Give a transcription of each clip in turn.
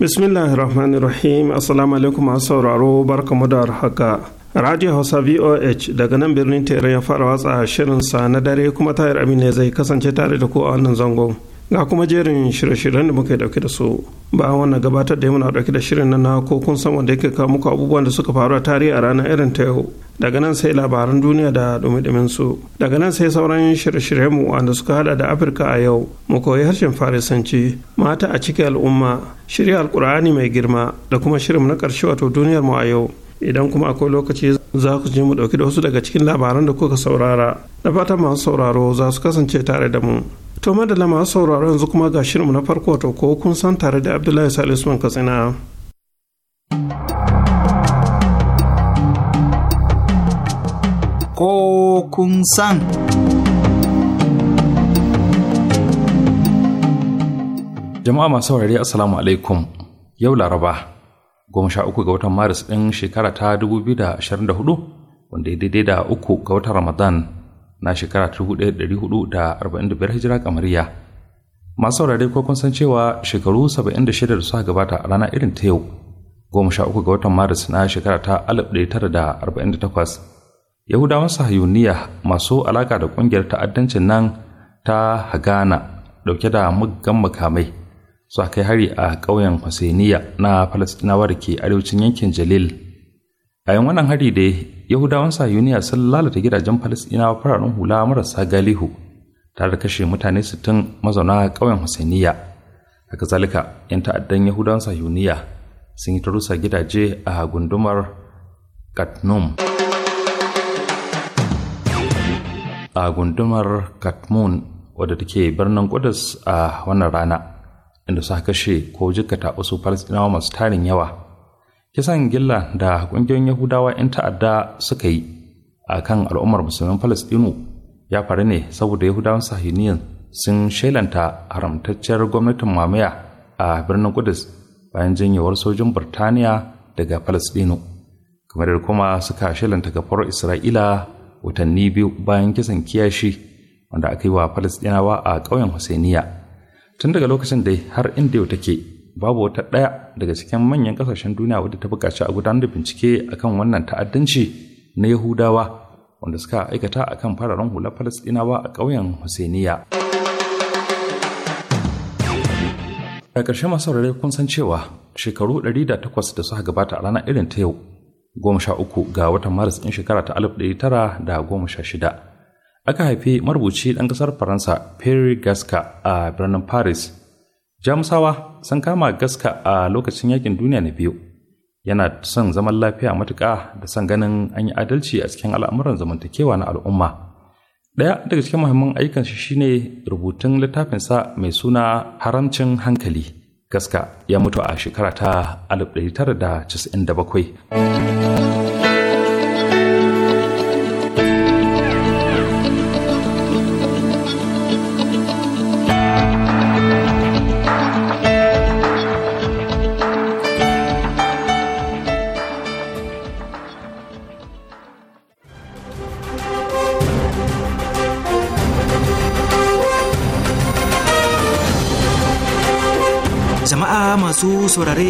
bismillahi rahmani rahim assalamu alaikum masu sauraro barkamu da haka radio hausa voh daga nan birnin tere ya fara watsa shirin sa na dare kuma tayar amina zai kasance tare da ku a wannan zangon ga kuma jerin shirye-shiryen da muka dauke da su ba wannan gabatar da muna dauke da shirin na ko kun san wanda yake kawo muku abubuwan da suka faru a tarihi a ranar irin ta yau daga nan sai labaran duniya da dumi su daga nan sai sauran shirye-shiryen mu wanda suka hada da afirka a yau mu koyi harshen farisanci mata a cikin al'umma shirya alkur'ani mai girma da kuma shirin na karshe wato duniyar mu a yau idan kuma akwai lokaci za ku je mu dauki da wasu daga cikin labaran da kuka saurara na fata masu sauraro za su kasance tare da mu to madala masu sauraro yanzu kuma ga shirinmu na farko to ko kun san tare da abdullahi salisu katsina ko kun san jama'a masu saurari assalamu alaikum yau laraba goma sha uku ga watan maris ɗin shekara ta 2024 wanda ya daidai da uku ga watan ramadan na shekara 1445 hijira kamariya masu saurare ko kun san cewa shekaru 76 da suka gabata a rana irin ta yau goma sha uku ga watan maris na shekara ta 1948 yahudawan sahayuniya masu alaka da ƙungiyar ta'addancin nan ta hagana ɗauke da muggan makamai su kai hari a ƙauyen Hussainiya na Falastinawa da ke arewacin yankin Jalil yayin wannan hari da yahudawan sayuniya sun lalata gidajen falasɗinawa fararen hula marasa galihu tare da kashe mutane sittin mazauna ƙauyen husainiya haka zalika 'yan ta'addan yahudawan sayuniya sun yi ta rusa gidaje a gundumar katnum a gundumar katmun wadda take birnin kudus a wannan rana inda suka kashe ko jikata wasu falasɗinawa masu tarin yawa kisan gilla da ƙungiyoyin yahudawa in ta'adda suka yi a kan al'ummar musulman falastinu ya faru ne saboda yahudawan sahiniyan sun shelanta haramtacciyar gwamnatin mamaya a birnin kudus bayan janyewar sojin burtaniya daga falastinu kamar da kuma suka shelanta gafarar isra'ila watanni biyu bayan kisan kiyashi wanda aka yi wa falastinawa a ƙauyen hussainiya tun daga lokacin da har inda yau take babu wata ɗaya daga cikin manyan ƙasashen duniya wadda ta buƙaci a gudanar da bincike akan wannan ta'addanci na yahudawa wanda suka aikata akan fararen hular falastinawa a ƙauyen husainiya a ƙarshe masu rarrai kun san cewa shekaru ɗari da da suka gabata a ranar irin ta yau goma sha uku ga watan maris ɗin shekara ta alif ɗari tara da goma shida aka haifi marubuci ɗan ƙasar faransa perry Gasca a birnin paris jamusawa sun kama gaska a lokacin yakin duniya na biyu yana son zaman lafiya matuƙa da son ganin an yi adalci a cikin al'amuran zamantakewa na al'umma ɗaya daga cikin muhimman ayyukan shi shine rubutun littafinsa mai suna haramcin hankali gaska ya mutu a shekara ta 1997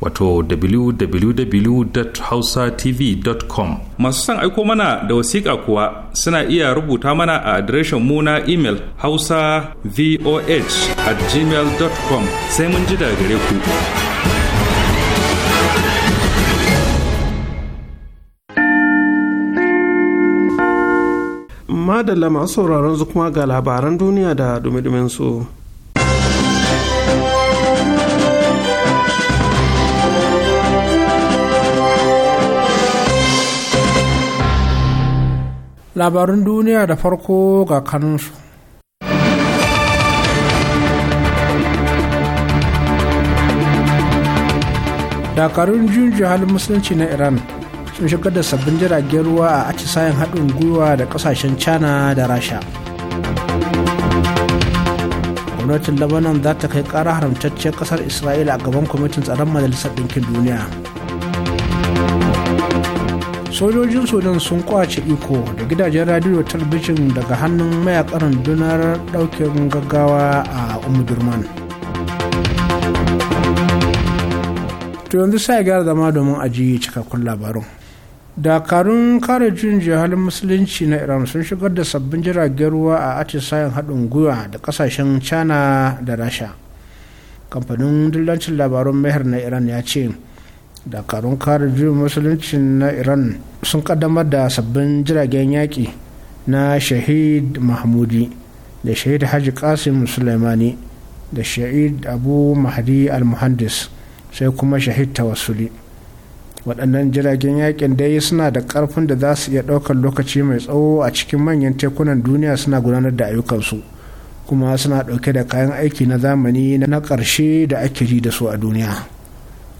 wato www.hausatv.com masu son aiko mana da wasiƙa kuwa suna iya rubuta mana a adireshin mu na imel hausa at sai mun ji daga gare ku madalla masu sauraron zukuma ga labaran duniya da dumi su. labarun duniya da farko ga kanunsu. dakarun junju halin musulunci na iran sun shigar da sabbin jiragen ruwa a atisayen haɗin gwiwa da ƙasashen china da rasha gwamnatin lebanon za ta kai ƙara haramtacciyar ƙasar isra'ila a gaban kwamitin tsaron majalisar ɗinkin duniya sojojin sudan sun kwace iko da gidajen radiyo talabijin daga hannun mayakaran rundunar daukin gaggawa a umudurman to yanzu sai gyara zama domin aji cikakkun labarun dakarun kare jin halin musulunci na iran sun shigar da sabbin jiragen ruwa a atisayen haɗin gwiwa da ƙasashen china da rasha kamfanin dillancin labarun mehr na iran ya ce dakarun kare juyin musulunci na iran sun kaddamar da sabbin jiragen yaƙi na shahid mahmudi da shahid haji kasim sulaimani da shahid abu mahdi al-muhandis sai kuma shahid tawassuli waɗannan jiragen yaƙin dai suna da ƙarfin da za su iya ɗaukar lokaci mai tsawo a cikin manyan tekunan duniya suna gudanar da ayyukansu kuma suna ɗauke da kayan aiki na zamani na ƙarshe da ake ji da su a duniya.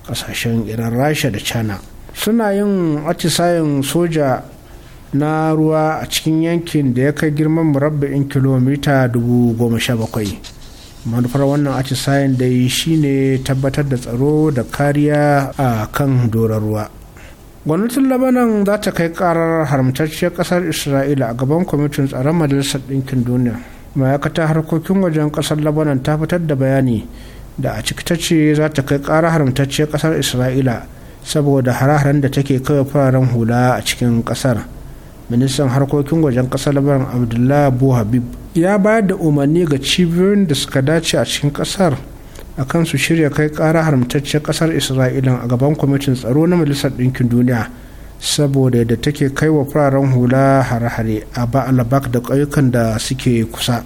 kasashen iran rasha da china suna yin atisayen soja na ruwa a cikin yankin da ya kai girman murabba'in kilomita 17,000 manufar wannan atisayen da yi shine tabbatar da tsaro da kariya a kan doron ruwa gwamnatin labanan za ta kai karar haramtacciyar kasar isra'ila a gaban kwamitin tsaron majalisar ɗinkin duniya ma'aikatar harkokin wajen kasar labanan ta fitar da bayani da a cikitacce za ta kai ƙara haramtacce ƙasar isra'ila saboda hararen da take kawai fararen hula a cikin ƙasar ministan harkokin wajen ƙasar labaran abdullah abu habib ya bayar da umarni ga cibiyoyin da suka dace a cikin ƙasar a kan su shirya kai ƙara haramtacce ƙasar isra'ila a gaban kwamitin tsaro na majalisar ɗinkin duniya saboda da take kai wa fararen hula hare-hare a ba'alabak da ƙauyukan da suke kusa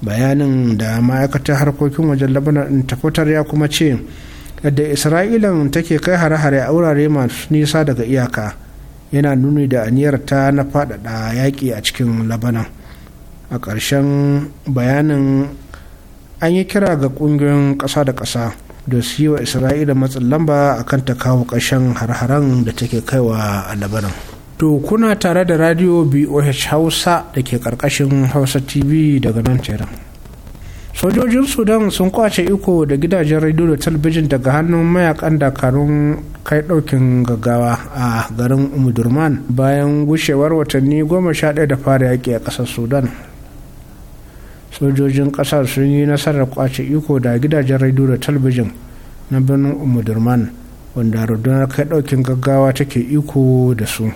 bayanin da ma'aikatar harkokin wajen labanan ta fitar ya kuma ce yadda isra'ilan take kai hare-hare a wurare masu nisa daga iyaka yana nuni da aniyar ta na faɗaɗa yaƙi a cikin labanan a ƙarshen bayanin an yi kira ga ƙungiyoyin ƙasa da ƙasa da su yi wa isra'ila matsin lamba akan ta kawo ƙarshen har-haren da take kaiwa a labanan To kuna tare da radio BOH Hausa da ke karkashin Hausa TV daga nan Tehran. Sojojin Sudan sun kwace iko da gidajen radio da talbijin daga hannun mayakan dakarun kai ɗaukin gaggawa a garin Umdurman bayan gushewar watanni goma sha ɗaya da fara yaƙi a ƙasar Sudan. Sojojin ƙasar sun yi nasarar kwace iko da gidajen radio da talbijin na birnin Umdurman wanda rundunar kai ɗaukin gaggawa take iko da su.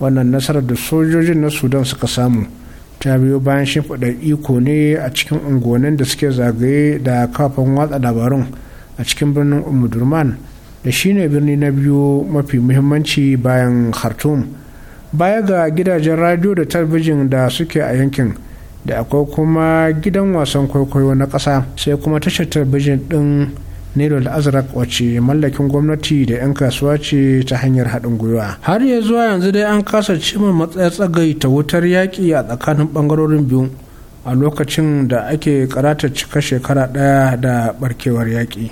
wannan nasarar da sojojin na sudan suka samu ta biyo bayan shimfiɗa iko ne a cikin unguwannin da suke zagaye da kafin watsa labarun a cikin birnin umudurman da shine birni na biyu mafi muhimmanci bayan khartoum baya ga gidajen radio da talbijin da suke a yankin da akwai kuma gidan wasan kwaikwayo na ƙasa sai kuma tashar talbijin din. nailul azraq wace mallakin gwamnati da 'yan kasuwa ce ta hanyar haɗin gwiwa har ya zuwa yanzu dai an kasa cima matsayar ta wutar yaƙi a tsakanin ɓangarorin biyu a lokacin da ake karata cika shekara ɗaya da barkewar yaƙi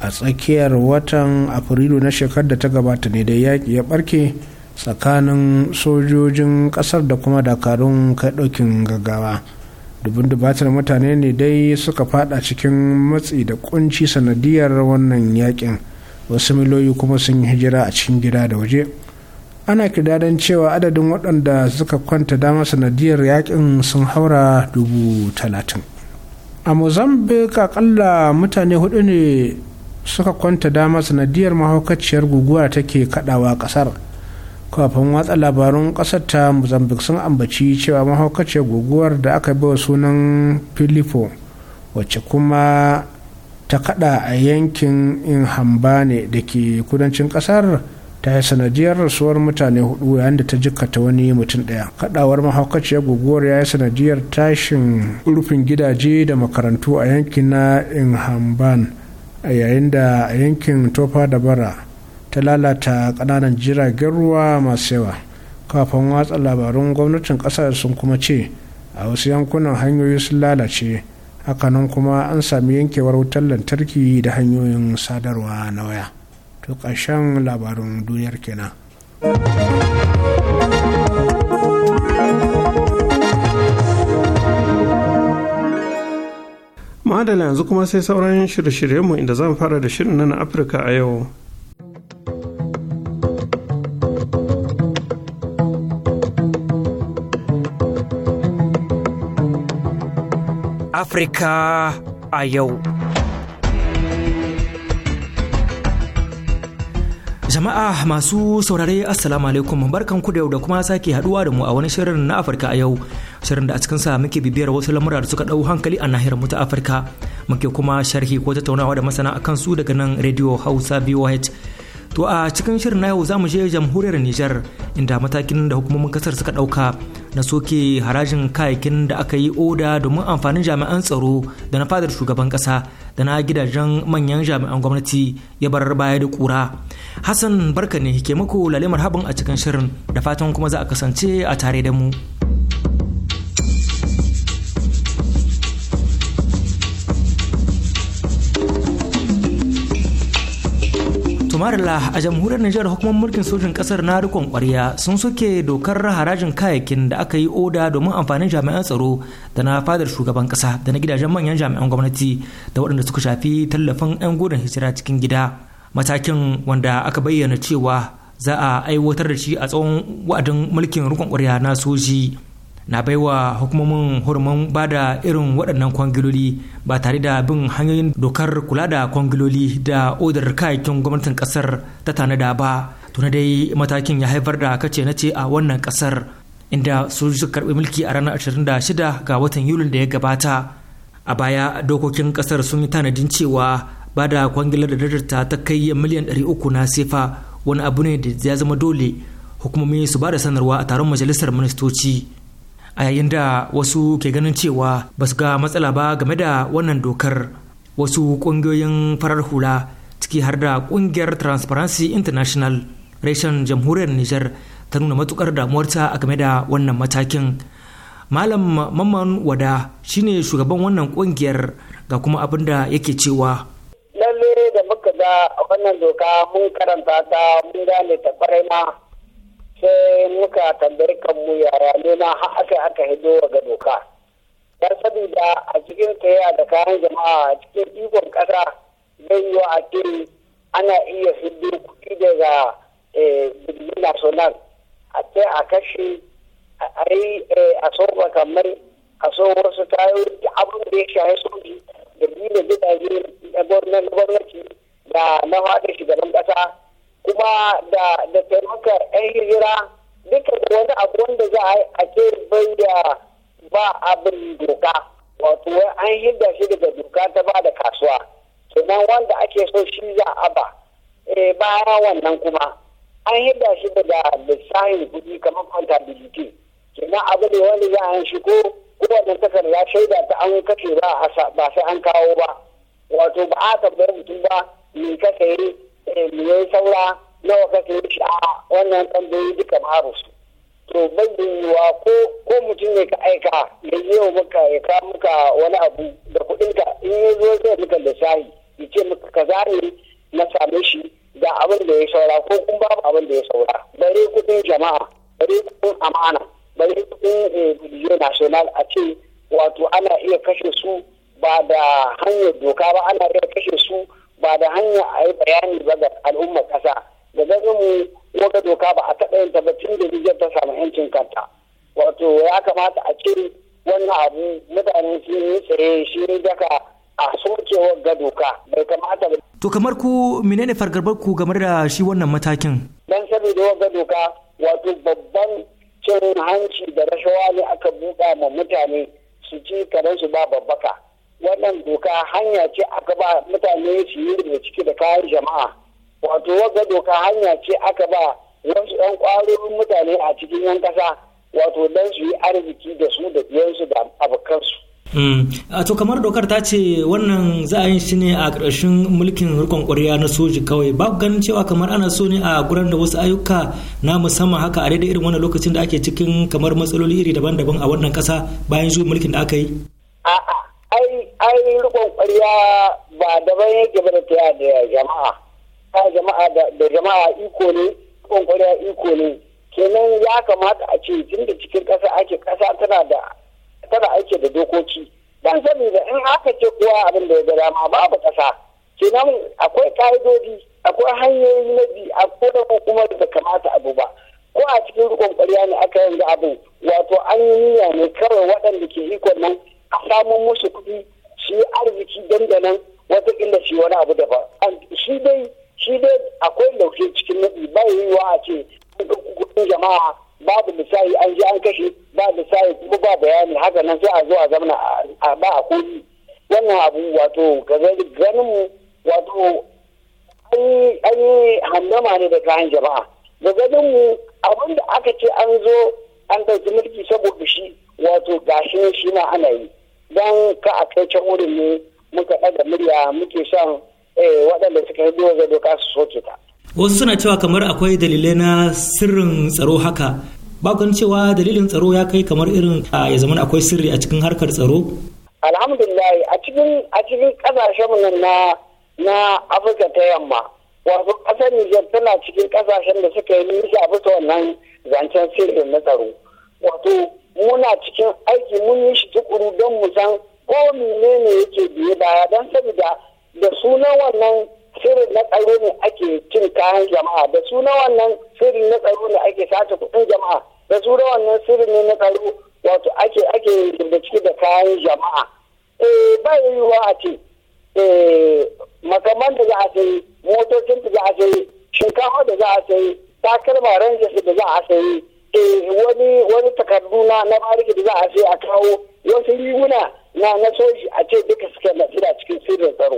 a tsakiyar watan afrilu na shekarar da ta gabata ne da yaƙi ya ɓarke tsakanin sojojin ƙasar da kuma dakarun kai ɗaukin gaggawa dubin dubatar mutane ne dai suka fada cikin matsi da kunci sanadiyar wannan yakin wasu miliyoyi kuma sun yi hijira a cikin gida da waje ana kidadan cewa adadin waɗanda suka kwanta dama sanadiyar yakin sun haura dubu talatin a mozambique akalla mutane hudu ne suka kwanta dama sanadiyar mahaukaciyar guguwa take kadawa kasar kafin watsa labarun kasar ta mozambique sun ambaci cewa mahaukaciyar guguwar da aka bai sunan filipo wacce kuma ta kada a yankin ne da ke kudancin kasar ta yi sanadiyar rasuwar mutane hudu yayin da ta jikkata wani mutum daya kadawar mahaukaciyar guguwar ya yi sanadiyar tashin rufin gidaje da makarantu a yankin na inhamban a yayin da a yankin tofa da bara ta lalata kananan jiragen ruwa masu yawa kafin watsa labarun gwamnatin ƙasar sun kuma ce a wasu yankunan hanyoyi sun lalace hakanan kuma an sami yankewar wutar lantarki da hanyoyin sadarwa na waya to ƙarshen labarun duniyar kenan. ma'adala yanzu kuma sai sauran shirye-shiryenmu inda zan fara da shirin na afirka a yau Afrika a yau. Jama'a masu saurare Assalamu alaikum barkan ku da yau da kuma sake haduwa da mu a wani shirin na Afirka a yau. Shirin da a cikinsa muke bibiyar wasu lamura da suka ɗau hankali a nahiyar mu ta Afirka. Muke kuma sharhi ko tattaunawa da masana akan su daga nan Radio Hausa VOH. To a cikin shirin na yau za mu je jamhuriyar Nijar inda matakin da hukumomin kasar suka ɗauka na soke harajin kayakin da aka yi oda domin amfanin jami'an tsaro da na fadar shugaban kasa da na gidajen manyan jami'an gwamnati ya bar baya da kura hassan barka ne ke muku lalimar haɓin a cikin shirin da fatan kuma za a kasance a tare da mu. tumarila a jamhuriyar nijar hukumar mulkin sojin kasar na rikon kwarya sun soke dokar harajin kayakin da aka yi oda domin amfanin jami'an tsaro da na fadar shugaban kasa da na gidajen manyan jami'an gwamnati da waɗanda suka shafi tallafin 'yan gudun hijira cikin gida matakin wanda aka bayyana cewa za a aiwatar da shi a tsawon wa'adin mulkin rikon kwarya na soji na baiwa hukumomin hurumin ba da irin waɗannan kwangiloli ba tare da bin hanyoyin dokar kula da kwangiloli da odar kayakin gwamnatin ƙasar ta tanada ba tuna dai matakin ya haifar da kace na ce a wannan ƙasar inda su suka karɓi mulki a ranar 26 ga watan yulin da ya gabata a baya dokokin ƙasar sun yi tanadin cewa ba da kwangilar da dadarta ta kai miliyan 300 na sefa wani abu ne da ya zama dole hukumomi su ba da sanarwa a taron majalisar ministoci a yayin da wasu ke ganin cewa ba su ga matsala ba game da wannan dokar wasu ƙungiyoyin farar hula ciki har da ƙungiyar transparency international reshen jamhuriyar niger ta nuna matukar damuwarta a game da wannan matakin malam mamman wada shine shugaban wannan ƙungiyar ga kuma abin da yake cewa lalle da muka ga wannan doka mun karanta ta mun gane ta kwarai ma sai muka tambayar kanmu yara nema har aka aka hido ga doka dan saboda a cikin kaya da kayan jama'a a cikin ikon kasa zai yi wa ake ana iya hido kuɗi daga eh, birnin national a ce a kashe a yi eh, a ba kamar a so wasu tayoyi abin da ya shahi soji da biyu da gidaje na gwamnati da na faɗin shugaban ƙasa kuma da da taimakar 'yan hijira duka da wani abu wanda za a ke bayya ba abin doka wato an hidda shi daga doka ta ba da kasuwa sannan wanda ake so shi za a ba eh baya wannan kuma an hidda shi daga lissahin kuɗi kamar da jiki sannan abu ne wanda za a shi ko kowane takarda shaida ta an kace ba sai an kawo ba wato ba a tabbatar mutum ba me kake yi Eh, mai saura nawa kake shi a wannan tambayi duka babu su to bai yiwuwa ko mutum ne ka aika ya yau maka ya ka maka wani abu da kuɗin ka in yi zo zai maka lissafi ya ce maka za ne na same shi da abin da ya saura ko kun babu abin da ya saura bare kuɗin jama'a bare kuɗin amana bari kuɗin bidiyo eh, national a ce wato ana iya kashe su ba da hanyar doka ba ana iya kashe su ba da hanya a yi bayani ba ga al'ummar ƙasa da ganin mu wata doka ba a taɓa yin tabbacin da rijiyar ta samu 'yancin kanta wato ya kamata a ce wannan abu mutane sun yi tsaye shi ne daga a sokewar ga doka bai kamata ba. To kamar ku menene fargabar ku game da shi wannan matakin? Dan saboda wagga doka wato babban cin hanci da rashawa ne aka buɗa ma mutane su ci karen su ba babbaka. wannan doka hanya ce aka ba mutane su yi da ciki da kayan jama'a wato wadda doka hanya ce aka ba wasu 'yan kwarorin mutane a cikin 'yan kasa wato don su yi arziki da su da biyansu da abokansu. Mm. a to kamar dokar ta ce wannan za a yi shi ne a ƙarshen mulkin rikon ƙwarya na soji kawai ba ganin cewa kamar ana so ne a guran da wasu ayyuka na musamman haka a daidai irin wannan lokacin da ake cikin kamar matsaloli iri daban-daban a wannan ƙasa bayan zuwa mulkin da aka yi a'a ainihin rikon ƙwarya ba daban yake ba da ta da jama'a ta jama'a da jama'a iko ne rikon ƙwarya iko ne kenan ya kamata a ce tun da cikin ƙasa ake ƙasa tana da tana aike da dokoki dan da in aka ce kowa abin da ya gada ma babu ƙasa kenan akwai ƙa'idodi akwai hanyoyi na bi akwai da hukumar da kamata abu ba ko a cikin rikon ƙwarya ne aka yanzu abu wato an yi niyya ne kawai waɗanda ke ikon nan a samun musu kuɗi shi arziki dandanan inda shi wani abu ba shi dai shi dai akwai lauke cikin nadi ba yiwuwa a ce kudin jama'a babu misali an ji, an kashe ba misali kuma ba bayani haka nan sai a zo a zamana a ba a koyi wannan abu wato ganin mu wato an yi hannama ne da kayan jama'a ga ganin mu abinda aka ce an zo an ɗauki mulki saboda shi wato gashin shi na ana yi don ka a kai wurin ne muka ɗaga murya muke son eh, waɗanda suka yi doga doka su soke ta. wasu suna cewa kamar akwai dalilai na sirrin tsaro haka ba cewa dalilin tsaro ya kai kamar irin ya zama akwai sirri a cikin harkar tsaro alhamdulillah a cikin a cikin kasashen mu na na afirka ta yamma wato kasar nijar tana cikin kasashen da suka yi nisa a bisa wannan zancen sirrin na tsaro wato muna cikin aiki mun yi shi tukuru don mu san ko ne yake biye baya don saboda da sunan wannan sirri na tsaro ne ake cin kayan jama'a da sunan wannan sirri na tsaro ne ake sace kuɗin jama'a da sunan wannan sirri ne na tsaro wato ake ake da ciki da kayan jama'a eh ba yiwuwa a ce eh makaman da za a sayi motocin da za a sayi shinkafa da za a sayi takalma ranjin da za a sayi Eh, wani wani takardu na na bariki da za a ce a kawo wasu riguna na na soji a ce duka suka suna cikin sirrin tsaro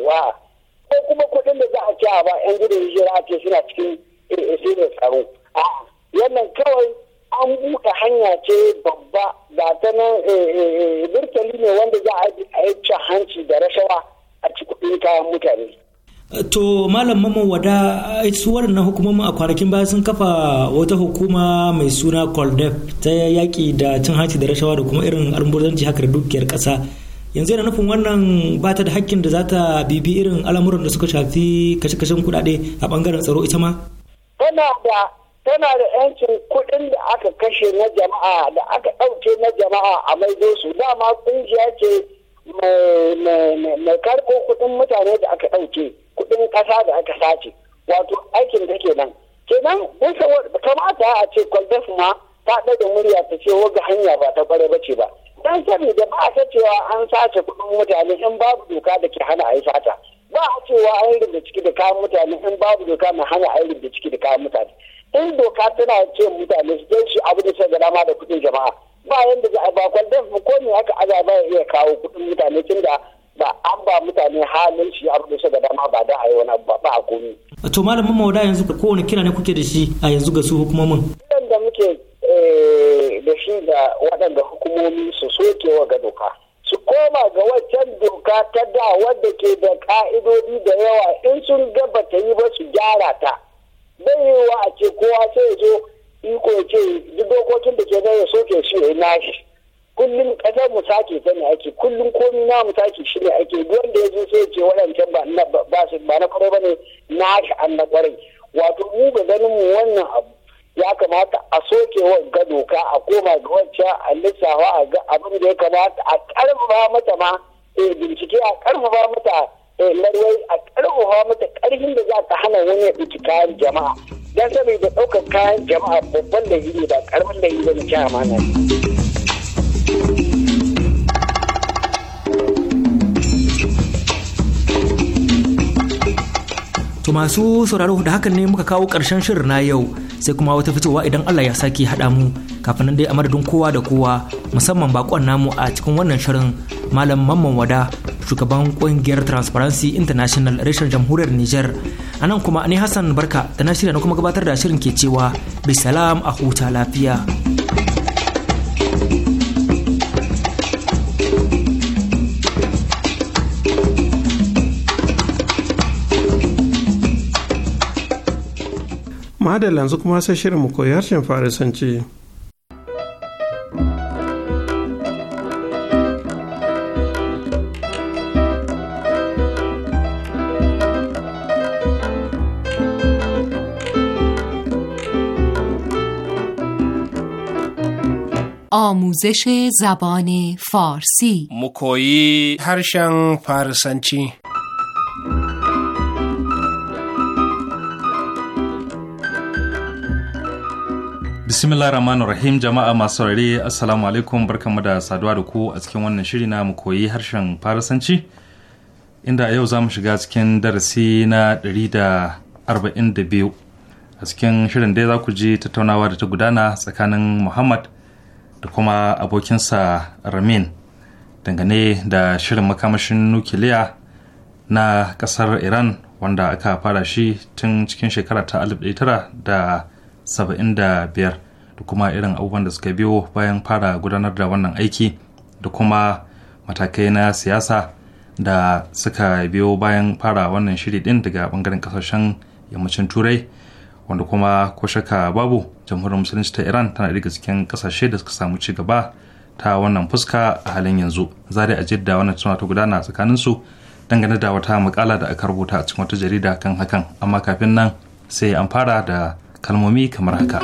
ko kuma kuɗin da za a ci a ba yan gudun hijira a ce suna cikin sirrin tsaro a wannan kawai an buɗe hanya ce babba ba ta nan birtali eh, eh, ne wanda za a yi hanci da rashawa a cikin kayan mutane To malam mamman wada su waɗannan hukumomin a kwanakin baya sun kafa wata hukuma mai suna Koldef ta yaƙi da cin hanci da rashawa da kuma irin almurzanci haka da dukiyar ƙasa. Yanzu yana nufin wannan ba ta da hakkin da za ta bibi irin al'amuran da suka shafi kashe-kashen kuɗaɗe a ɓangaren tsaro ita ma? Tana da yancin kuɗin da aka kashe na jama'a da aka ɗauke na jama'a a maido su dama ƙungiya ce mai karɓo kuɗin mutane da aka ɗauke. kuɗin kasa da aka sace wato aikin da nan kenan mun kamata a ce kwalda ma ta ɗaga murya ta ce waga hanya ba ta ƙware ba ce ba dan da ba a cewa an sace kuɗin mutane in babu doka da ke hana a yi sata ba a cewa an da ciki da kayan mutane in babu doka na hana a yi ciki da kayan mutane in doka tana ce mutane su je shi abu da sai da dama da kuɗin jama'a ba yanda za a ba kwaldaf ko ne haka aza ya iya kawo kuɗin mutane tunda ba an ba mutane halin shi a rubuta da dama ba da a yi wani abu ba a komi. to malamin mawada yanzu kowane kira ne kuke da shi a yanzu ga su hukumomin. kiran da muke eh, da shi ga waɗanda hukumomi su soke wa ga doka. su koma ga waccan doka ta da wadda ke da ka'idodi da yawa in sun gaba ta yi ba su gyara ta. bai wa a ce kowa sai ya zo iko ce duk dokokin da ke da ya soke shi ya yi nashi. kullum kasar mu sake ta ne ake kullum komi na mu sake shi ne ake wanda ya zo sai ce waɗancan ba na ba su ba na kwarai ba ne na shi an na kwarai wato mu ga ganin mu wannan abu ya kamata a soke ga doka a koma ga wacce a lissafa a ga abin da ya kamata a karfafa mata ma eh, bincike a karfafa mata larwai eh, a karfafa mata karfin da za ta hana wani ya ɗauki kayan jama'a dan saboda ɗaukar kayan jama'a babban da ba karamin da yi ba na ne. To masu sauraro da hakan ne muka kawo ƙarshen shirin na yau sai kuma wata fitowa idan Allah ya sake haɗa mu kafin nan dai a madadin kowa da kowa musamman bakon namu a cikin wannan shirin Malam Mamman Wada shugaban kungiyar Transparency International reshen jamhuriyar Niger. A nan kuma ni Hassan Barka da na shirya na kuma gabatar da shirin ke cewa bisalam a huta lafiya. madalla yanzu kuma sai shirin mu koyi harshen farisanci آموزش زبان فارسی مکویی هرشن فارسنچی Bismillah Rahman Rahim jama'a masu saurare Assalamu alaikum barkanmu da saduwa da ku a cikin wannan shiri na mu koyi harshen farasanci inda a yau za mu shiga cikin darasi na 142 a cikin shirin dai za ku ji tattaunawa da ta gudana tsakanin Muhammad da kuma abokinsa Ramin dangane da shirin makamashin nukiliya na kasar Iran wanda aka fara shi tun cikin shekara ta da 75 da kuma irin abubuwan da suka biyo bayan fara gudanar da wannan aiki da kuma matakai na siyasa da suka biyo bayan fara wannan shiri din daga bangaren kasashen yammacin turai wanda kuma ko babu jamhuriyar musulunci ta iran tana daga cikin kasashe da suka samu ci gaba ta wannan fuska a halin yanzu zare a jidda wannan tana ta gudana tsakanin su dangane da wata makala da aka rubuta a cikin wata jarida kan hakan amma kafin nan sai an fara da kalmomi kamar haka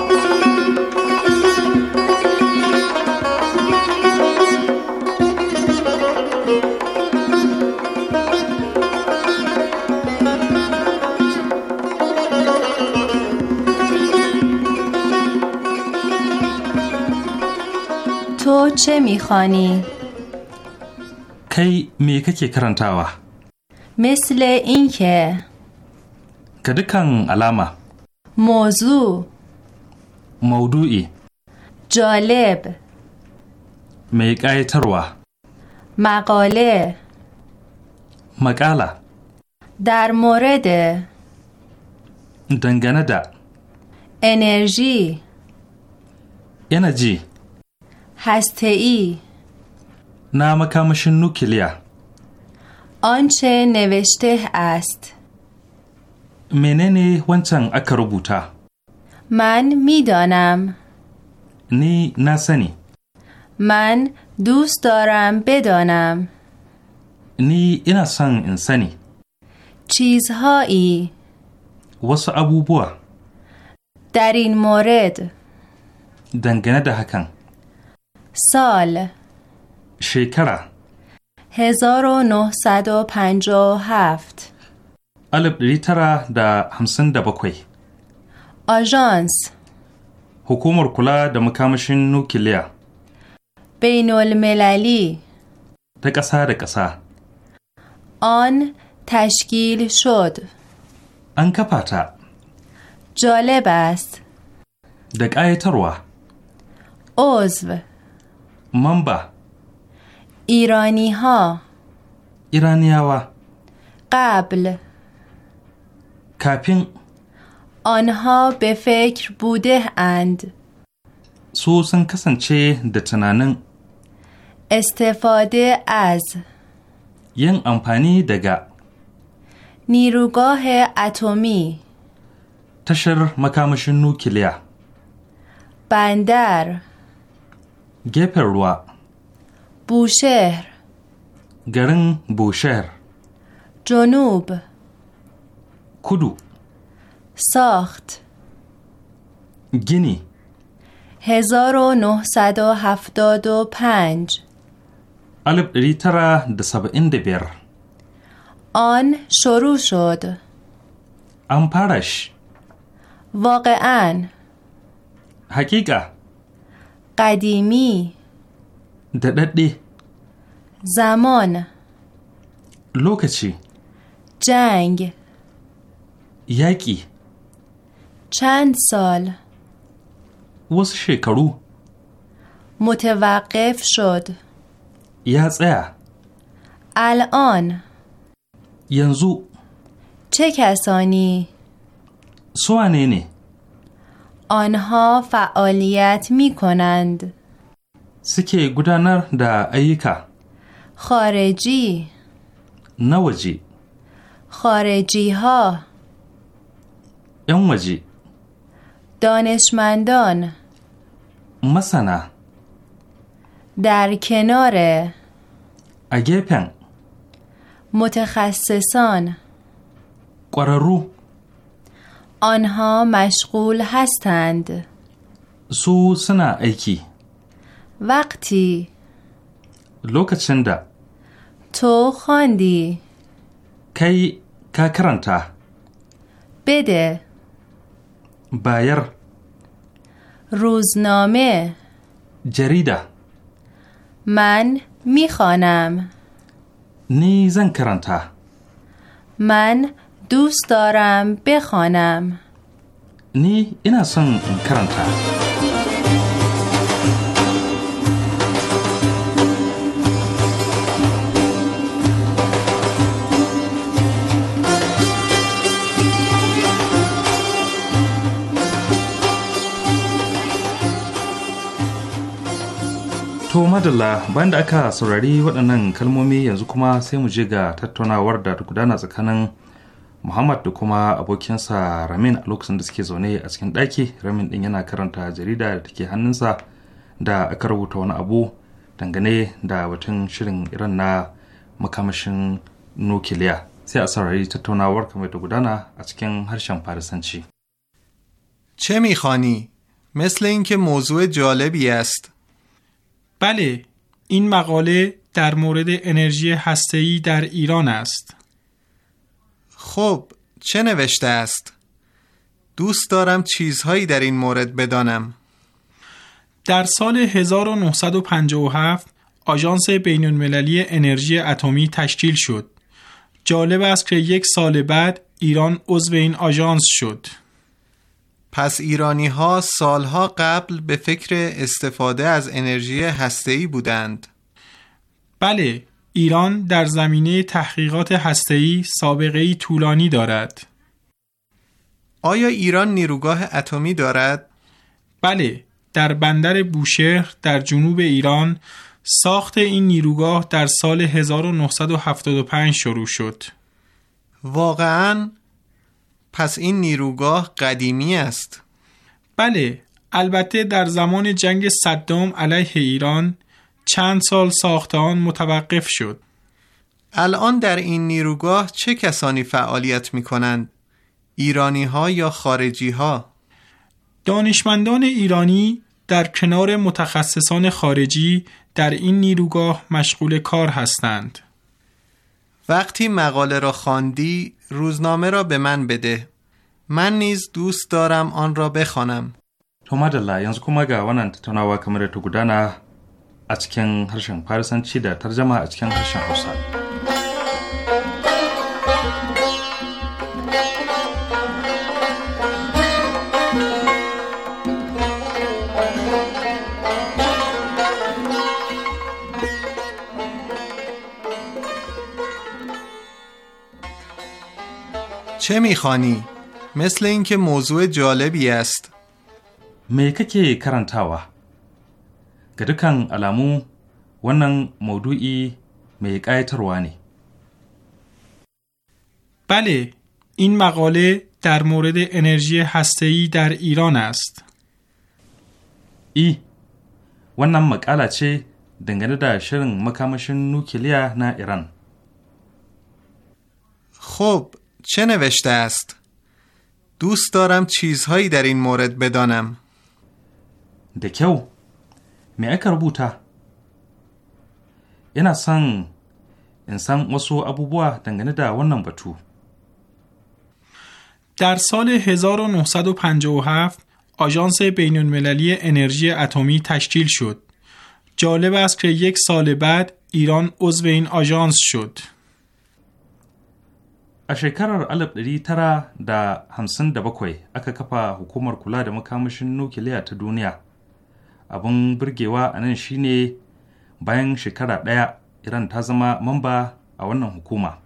To ce mi Kai me kake karantawa? Misle inke. Ka dukan alama. موضوع موضوعی جالب میگایتروا مقاله مقاله در مورد دنگنه انرژی انرژی هسته ای نامکمش نوکلیا آنچه نوشته است menene wancan aka rubuta? Man midanam. Ni na sani. Man dustoram bedonam. Ni ina son in sani. Cheese Wasu abubuwa. Darin mored. Dangane da hakan. Sol. Shekara. Hezoro panjo haft. tara da da hamsin 1957 Agents Hukumar kula da makamashin nukiliya Bainul Melali Ta ƙasa da ƙasa On tashkil shod An kafa ta Jolibas Da ƙayatarwa Ozv Mamba Irani Iraniyawa قبل کپین آنها به فکر بوده اند سو سن چه ده استفاده از ین امپانی دگا نیروگاه اتمی تشر مکامش نوکلیا بندر گپروا بوشهر گرن بوشهر جنوب کدو ساخت گینی 1975 الب ریترا دسب بیر آن شروع شد امپرش واقعا حقیقه قدیمی دددی زمان لوکچی جنگ یکی چند سال وز شکرو متوقف شد یا الان ینزو چه کسانی سوانینه آنها فعالیت می کنند سکه گودانر دا ایکا خارجی نوجی خارجی ها 'yan waje دانشمندان مسنا در کنار اگپن متخصصان قرارو آنها مشغول هستند سو سنا ایکی وقتی لوکچنده تو خواندی کی کا بده بایر روزنامه جریده من میخوانم نیزن زن کرنتا من دوست دارم بخوانم نی اینا سن کرنتا To madalla bayan da aka saurari waɗannan kalmomi yanzu kuma sai mu je ga tattaunawar da ta gudana tsakanin Muhammad da kuma abokinsa Ramin a lokacin da suke zaune a cikin ɗaki Ramin ɗin yana karanta jarida da take hannunsa da aka rubuta wani abu dangane da batun shirin irin na makamashin nukiliya sai a saurari tattaunawar kamar da gudana a cikin harshen farisanci. چه میخوانی؟ مثل اینکه موضوع جالبی است. بله این مقاله در مورد انرژی هسته‌ای در ایران است خب چه نوشته است دوست دارم چیزهایی در این مورد بدانم در سال 1957 آژانس بین‌المللی انرژی اتمی تشکیل شد جالب است که یک سال بعد ایران عضو این آژانس شد پس ایرانی ها سالها قبل به فکر استفاده از انرژی هسته‌ای بودند. بله، ایران در زمینه تحقیقات هسته‌ای سابقه ای طولانی دارد. آیا ایران نیروگاه اتمی دارد؟ بله، در بندر بوشهر در جنوب ایران ساخت این نیروگاه در سال 1975 شروع شد. واقعاً؟ پس این نیروگاه قدیمی است بله البته در زمان جنگ صدام علیه ایران چند سال ساخت آن متوقف شد الان در این نیروگاه چه کسانی فعالیت می کنند؟ ایرانی ها یا خارجی ها؟ دانشمندان ایرانی در کنار متخصصان خارجی در این نیروگاه مشغول کار هستند. وقتی مقاله را خواندی روزنامه را به من بده. من نیز دوست دارم آن را بخوانم. To yanzu kuma ga wannan tattaunawa kamar da ta gudana a cikin harshen Farisanci da tarjama a cikin harshen Hausa. چه میخوانی؟ مثل اینکه موضوع جالبی است. می که که کرن تاوا. علامو ونن موضوعی می بله، این مقاله در مورد انرژی هستهی در ایران است. ای، ونن مقالا چه دنگنه دا شرن مکامشن نو نا ایران. خوب، چه نوشته است؟ دوست دارم چیزهایی در این مورد بدانم. دکیو می اکا بوتا اینا سن انسان وسو بوا دنگنه دا ونن بتو در سال 1957 آژانس المللی انرژی اتمی تشکیل شد. جالب است که یک سال بعد ایران عضو این آژانس شد. A shekarar 1957 aka kafa Hukumar Kula da Makamashin Nukiliya ta Duniya. Abin burgewa a nan shine bayan shekara ɗaya Iran ta zama mamba a wannan hukuma.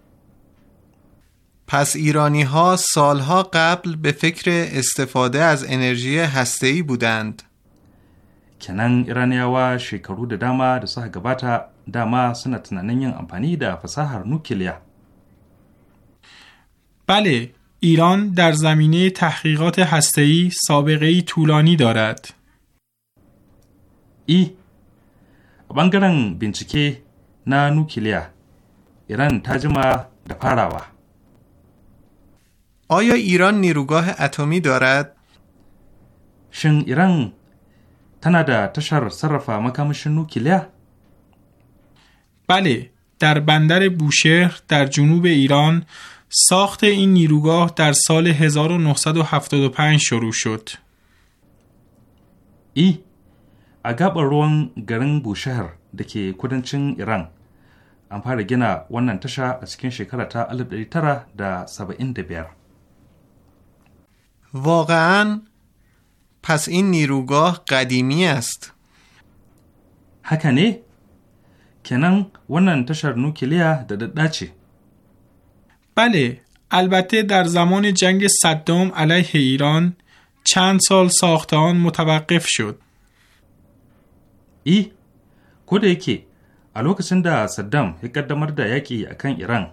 پس ایرانی ها سالها قبل به فکر استفاده از انرژی ای بودند. کنن ایرانی ها شکرود da suka gabata dama suna tunanin yin amfani da fasahar nukiliya. بله ایران در زمینه تحقیقات هسته‌ای سابقه ای طولانی دارد. ای بنگرن بینچکی نا نوکلیا ایران تا دپاراوا آیا ایران نیروگاه اتمی دارد؟ شن ایران تنادا تشار تشر صرف مکامش نوکیلیا؟ بله، در بندر بوشهر در جنوب ایران ساخت این نیروگاه در سال 1975 شروع شد. ای اگر روان گرن گو شهر دکی کودن ایران ام پار گینا ونن تشا از کن شکره تا علب در تره دا واقعا پس این نیروگاه قدیمی است. حکنه کنن ونن تشار نو کلیه دا بله البته در زمان جنگ صدام علیه ایران چند سال ساخت آن متوقف شد ای کو که a lokacin صدام یک دمر دا یکی اکن ایران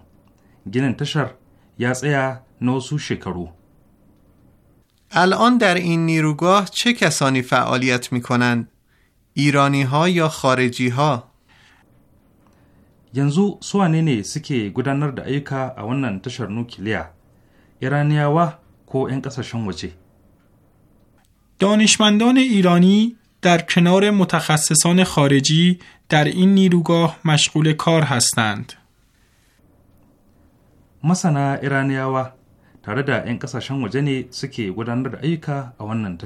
گنن تشر یا tashar نوسو الان در این نیروگاه چه کسانی فعالیت می کنند؟ ایرانی ها یا خارجی ها؟ yanzu سو ne suke gudanar da ayyuka a wannan tashar nukiliya iraniyawa ko دانشمندان ایرانی در کنار متخصصان خارجی در این نیروگاه مشغول کار هستند. مثلا ایرانیاوا تره در این قصاشان و جنی سکی گودن در ایکا اوان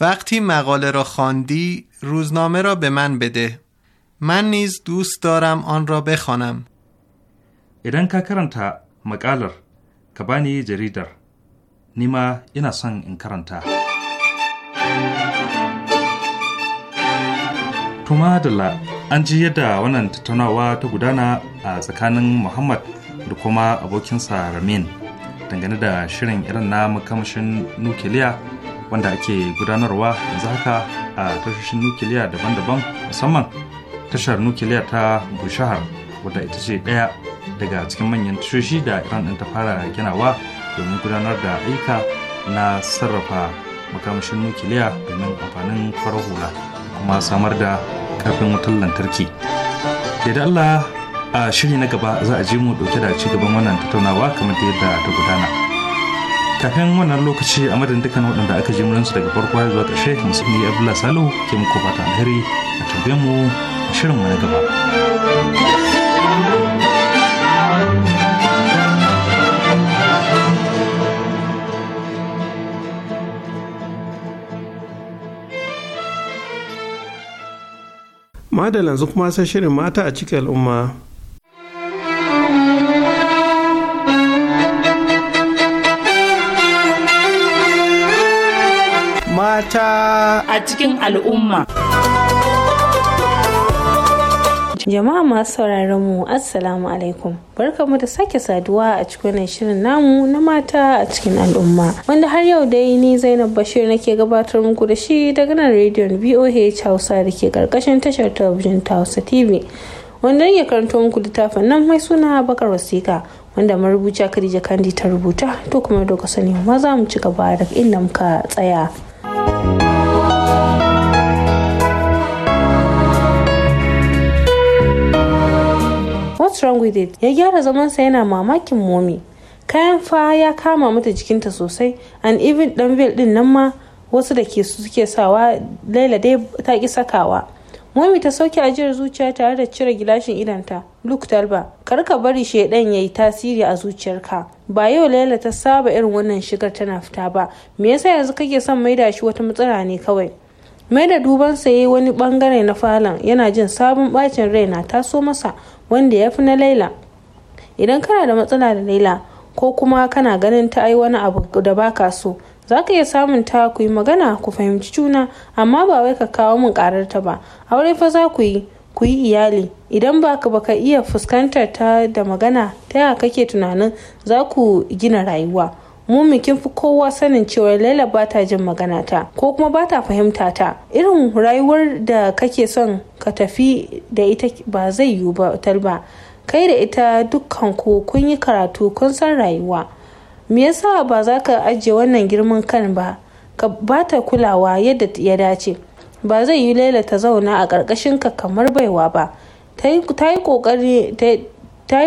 وقتی مقاله را خواندی روزنامه را به من بده من نیز دوست دارم آن را بخوانم. idan ka karanta maƙalar ka bani jaridar nima ina son in karanta tuma dala an ji yadda wannan tattaunawa ta gudana a tsakanin muhammad da kuma abokinsa ramin dangane da shirin irin na makamashin nukiliya wanda ake gudanarwa yanzu haka a tashoshin nukiliya daban-daban musamman tashar nukiliya ta bushahar wadda ita ce ɗaya daga cikin manyan tashoshi da iran ɗin ta fara ginawa domin gudanar da aika na sarrafa makamashin nukiliya domin amfanin farar hula kuma samar da karfin wutar lantarki da allah a shiri na gaba za a ji mu ɗauke da ci gaban wannan tattaunawa kamar da yadda ta gudana. kafin wannan lokaci a madadin dukkan waɗanda aka ji su daga farko zuwa ƙarshe musulmi abdullah salo ke muku fata alheri a tambaye mu shirinmu na gaba. Madalla yanzu kuma sai shirin mata a cikin al'umma. Mata a cikin al'umma. Jama'a masu sauraron mu Assalamu alaikum. Barkamu da sake saduwa a cikin shirin namu na mata a cikin al'umma. Wanda har yau dai ni Zainab Bashir nake gabatar muku da shi daga nan rediyon BOH Hausa da ke karkashin tashar talabijin ta Hausa TV. Wanda ya karanto muku littafin nan mai suna Bakar Wasika wanda marubuciya Khadija Kandi ta rubuta to kuma da sani ma za mu ci gaba da inda muka tsaya. what's wrong with it ya gyara zaman sa yana mamakin momi kayan fa ya kama mata jikinta sosai and even dan ɗin din nan ma wasu da ke suke sawa laila dai ta ki sakawa momi ta sauke ajiyar zuciya tare da cire gilashin idanta luke talba kar ka bari shaidan yayi tasiri a zuciyarka ba yau laila ta saba irin wannan shigar tana fita ba me yasa yanzu kake son maida shi wata matsala ne kawai mai da duban saye wani bangare na falon yana jin sabon bacin rai na taso masa wanda ya fi na laila idan kana da matsala da laila ko kuma kana ganin ta ai wani abu da baka so za ka iya samun ta ku yi magana ku fahimci juna amma ba wai ka kawo min karar ba aure fa za ku yi ku yi iyali idan ba ka baka iya fuskantar ta da magana ta kake tunanin za ku gina rayuwa mu kin fi kowa sanin cewa laila ba ta jin magana ta ko kuma ba ta fahimta ta irin rayuwar da kake son ka tafi da ita ba zai yiwu ba talba kai da ita dukkan ku kun yi karatu kun san rayuwa me yasa ba za ka ajiye wannan girman kan ba ka ba ta kulawa yadda ya dace ba zai yi laila ta zauna a ƙarƙashin ka kamar baiwa ba ta yi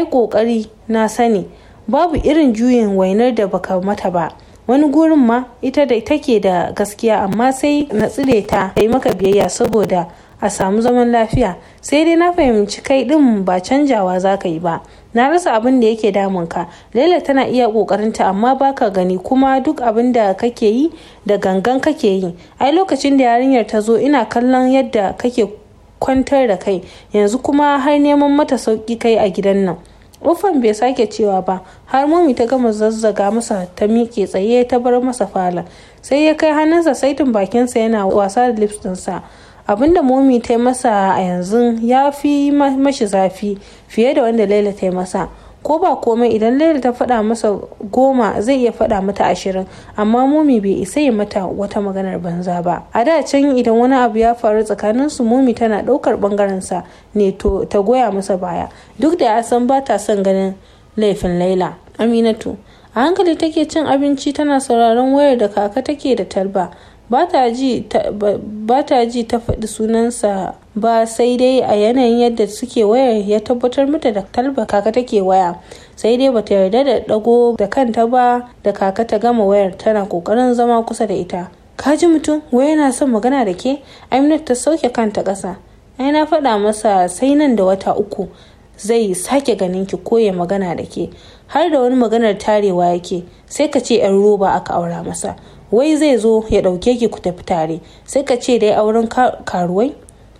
ƙoƙari na sani babu irin juyin wainar da baka mata ba wani gurin ma ita da take da gaskiya amma sai na tsire ta yi maka biyayya saboda a samu zaman lafiya sai dai na fahimci kai din ba canjawa za ka yi ba na rasa abin da yake damunka laila tana iya kokarinta amma baka gani kuma duk abin da kake yi da gangan kake yi ai lokacin da yarinyar ta zo ina kallon yadda kake kwantar da kai yanzu kuma har neman mata sauki kai a gidan nan ofan bai sake cewa ba har momi ta gama zazzaga masa ta miƙe tsaye ta bar masa fala sai ya kai hannunsa saitin bakinsa yana wasa da lips abinda momi ta yi masa a yanzu ya fi mashi zafi fiye da wanda laila ta yi masa ko ba komai idan laila ta faɗa masa goma zai iya faɗa mata ashirin amma momi bai isa ya mata wata maganar banza ba a da can idan wani abu ya faru tsakanin su momi tana ɗaukar ɓangarensa ne to ta goya masa baya duk da ya san ba ta son ganin laifin laila aminatu a hankali take cin abinci tana sauraron wayar da kaka take da talba ba ta ji ta faɗi sunansa ba sai dai a yanayin yadda suke waya ya tabbatar mata da talba kaka take waya sai dai bata yarda da ɗago da kanta ba da kaka ta gama wayar tana kokarin zama kusa da ita ka ji mutum wai yana son magana da ke aminat ta sauke kanta ƙasa ai na faɗa masa sai nan da wata uku zai sake ganin ki koya magana da ke har da wani maganar tarewa yake sai ka ce 'yan roba aka aura masa wai zai zo ya ɗauke ki ku tafi tare sai ka ce dai auren karuwai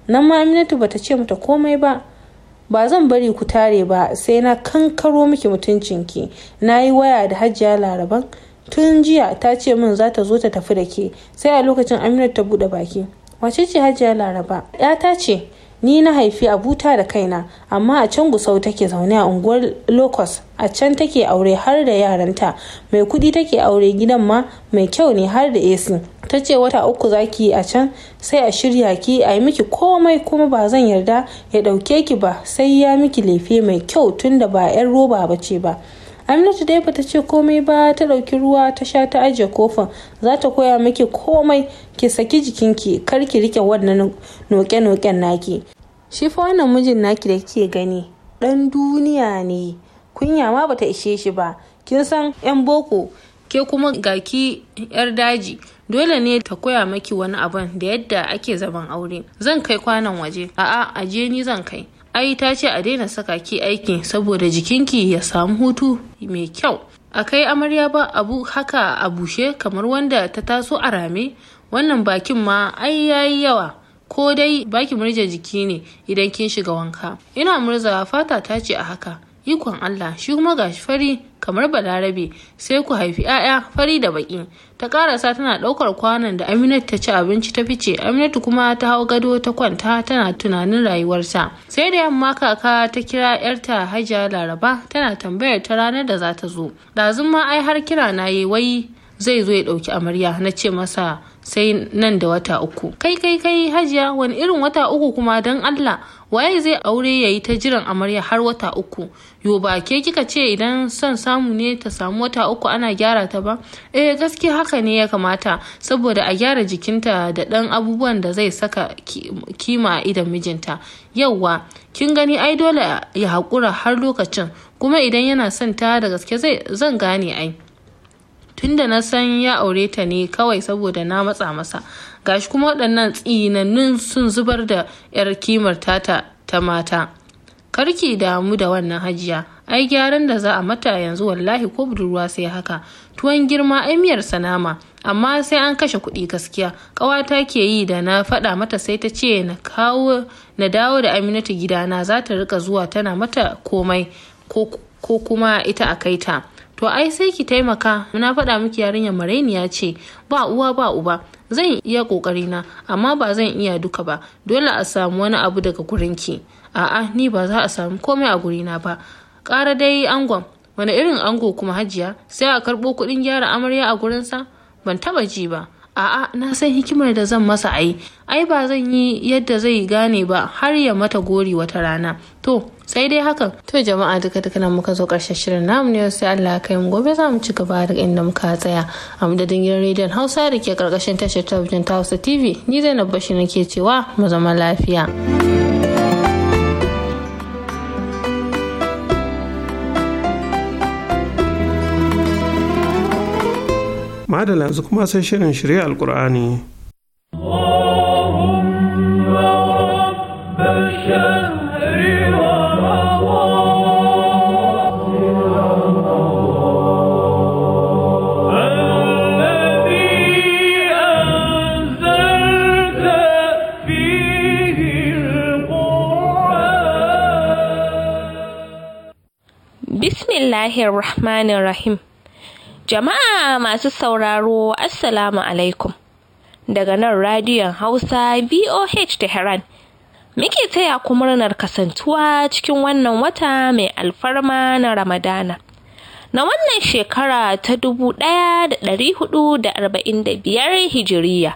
nan ma aminatu bata ce mata komai ba ba zan bari ku tare ba sai na kankaro miki mutuncinki na yi waya da hajiya laraban tun jiya ta ce min za ta zo ta tafi da ke sai a lokacin aminatu ta buɗe baki wace ce hajiya laraba ya ta ce ni na haifi abuta da kaina amma a can gusau take zaune a unguwar locust a can take aure har da yaranta mai kudi take aure gidan ma mai kyau ne har da ac ta ce wata uku zaki a can sai a shirya ki a yi miki komai kuma ba zan yarda ya dauke ki ba sai ya miki lefe mai kyau tunda ba 'yan roba ba ce ba Aminatu dai bata ce komai ba ta ɗauki ruwa ta sha ta ajiye kofin za ta koya miki komai ki saki jikinki kar ki rike wannan noke-noken naki. Shi fa wannan mijin naki da kike gani ɗan duniya ne kunya ma bata ishe shi ba kin san 'yan boko ke kuma gaki ki 'yar daji dole ne ta koya maki wani abun da yadda ake zaman aure zan kai kwanan waje a'a aje ni zan kai ai ta ce a daina saka ki aiki saboda jikinki ya samu hutu mai kyau a kai amarya ba abu haka a bushe kamar wanda ta taso a rame wannan bakin ma ai yayi yawa ko dai baki murje jiki ne idan kin shiga wanka ina murza fata ta ce a haka ikon Allah shi kuma gashi fari kamar balarabe sai ku haifi 'ya'ya fari da baki ta karasa tana ɗaukar kwanan da aminatu ta ci abinci ta fice aminatu kuma ta hau gado ta kwanta tana tunanin rayuwarta sai da yamma kaka ta kira yarta hajiya laraba tana tambayar ta ranar da za ta zo ɗazun ma ai har kira na yi wai zai zo ya ɗauki amarya na ce masa sai nan da wata uku kai kai kai hajiya wani irin wata uku kuma don allah waye zai aure ya yi ta jiran amarya har wata uku yo ba ke kika ce idan son samu ne ta samu wata uku ana gyara ta ba eh gaskiya haka ne ya kamata saboda a gyara jikinta da ɗan abubuwan da zai saka kima a idan mijinta yauwa kin gani ai dole ya haƙura har lokacin kuma idan yana son ta da gaske zan gane ai tunda na san ya aure ta ne kawai saboda na matsa masa gashi kuma waɗannan tsinannun sun zubar da 'yar kimar tata ta mata karki damu da wannan hajiya ai gyaran da za a mata yanzu wallahi ko budurwa sai haka tuwon girma ai miyar sanama amma sai an kashe kuɗi gaskiya ƙawata ke yi da na faɗa mata sai ta ce na kawo na dawo da aminatu gidana za ta rika zuwa tana mata komai ko kuma ita a kaita to ai sai ki taimaka na faɗa miki yarinyar marainiya ce ba uwa ba uba zan iya na amma ba zan iya duka ba dole a samu wani abu daga gurinki a'a ni ba za a samu komai a gurina ba ƙara dai angon wani irin ango kuma hajiya sai a karɓo kuɗin gyara amarya a gurinsa ban taba ji ba a'a na san hikimar da zan masa ai ai ba zan yi yadda zai gane ba har ya mata gori wata rana to sai dai haka to jama'a duka duka nan muka zo karshen shirin namu ne sai Allah ya kai mu gobe za mu ci gaba da inda muka tsaya a madadin gidan rediyon Hausa da ke karkashin tashar talabijin ta Hausa TV ni Zainab Bashir nake cewa mu zama lafiya. madala yanzu kuma sai shirin shirya alkur'ani Bismillahirrahmanirrahim. Jama'a masu sauraro Assalamu alaikum. Daga nan radiyon Hausa VOH Tehran. Muke taya ku murnar kasantuwa cikin wannan wata mai alfarma na Ramadana. Na wannan shekara ta dubu ɗaya da da da arba'in da biyar Hijiriya,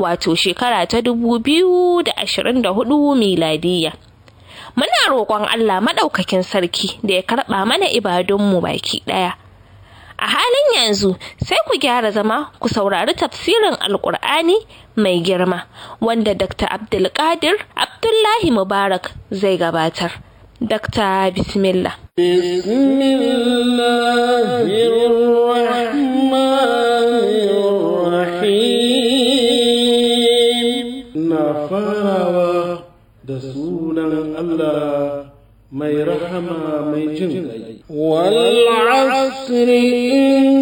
wato shekara ta dubu biyu da ashirin da hudu Miladiyya. Muna roƙon Allah Maɗaukakin Sarki da ya karɓa mana ibadunmu baki ɗaya. A halin yanzu sai ku gyara zama ku saurari tafsirin alkur'ani mai girma wanda Dr. Abdulkadir Abdullahi Mubarak zai gabatar. Dr. Bismillah. farawa da sunan Allah مي رحمة مي جنة والعصر إن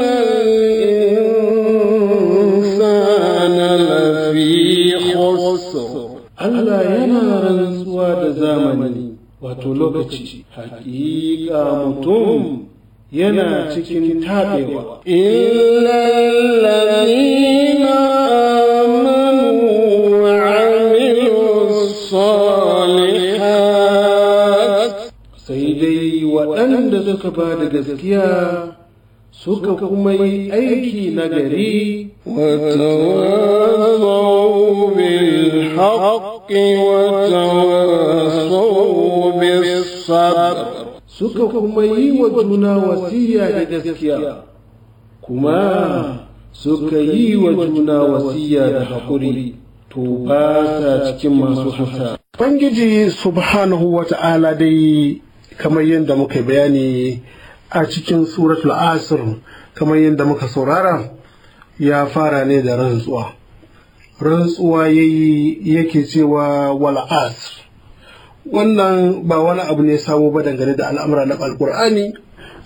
الإنسان لفي خسر ألا ينار سواد زامني وتلوكتي حقيقة متوم ينا تكن تابوا إلا الذين آمنوا waɗanda suka ba da gaskiya suka kuma yi aiki na gari وتواصوا بالحق وتواصوا بالصبر suka kuma yi wa juna wasiya da gaskiya kuma suka yi wa juna wasiya da haƙuri to ba sa cikin masu hasa. Bangiji subhanahu wa ta'ala dai kamar yadda muka bayani a cikin suratul asir kamar yadda muka saurara ya fara ne da rantsuwa rantsuwa yake cewa wal asr wannan ba wani abu ne sabo ba dangane da al'amura na alkur'ani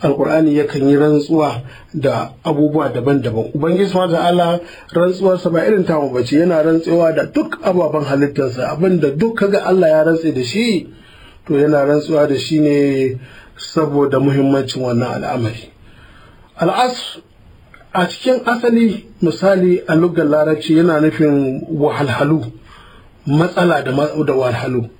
alkur'ani yakan yi rantsuwa da abubuwa daban-daban ubangiji subhanahu ta'ala rantsuwarsa ba irin tamu bace yana rantsuwa da duk ababen halittarsa abinda duk kaga Allah ya rantse da shi to yana rantsuwa da shi ne saboda muhimmancin wannan al'amari al'as a cikin asali misali a lugar larabci yana nufin wahalhalu matsala da wahalhalu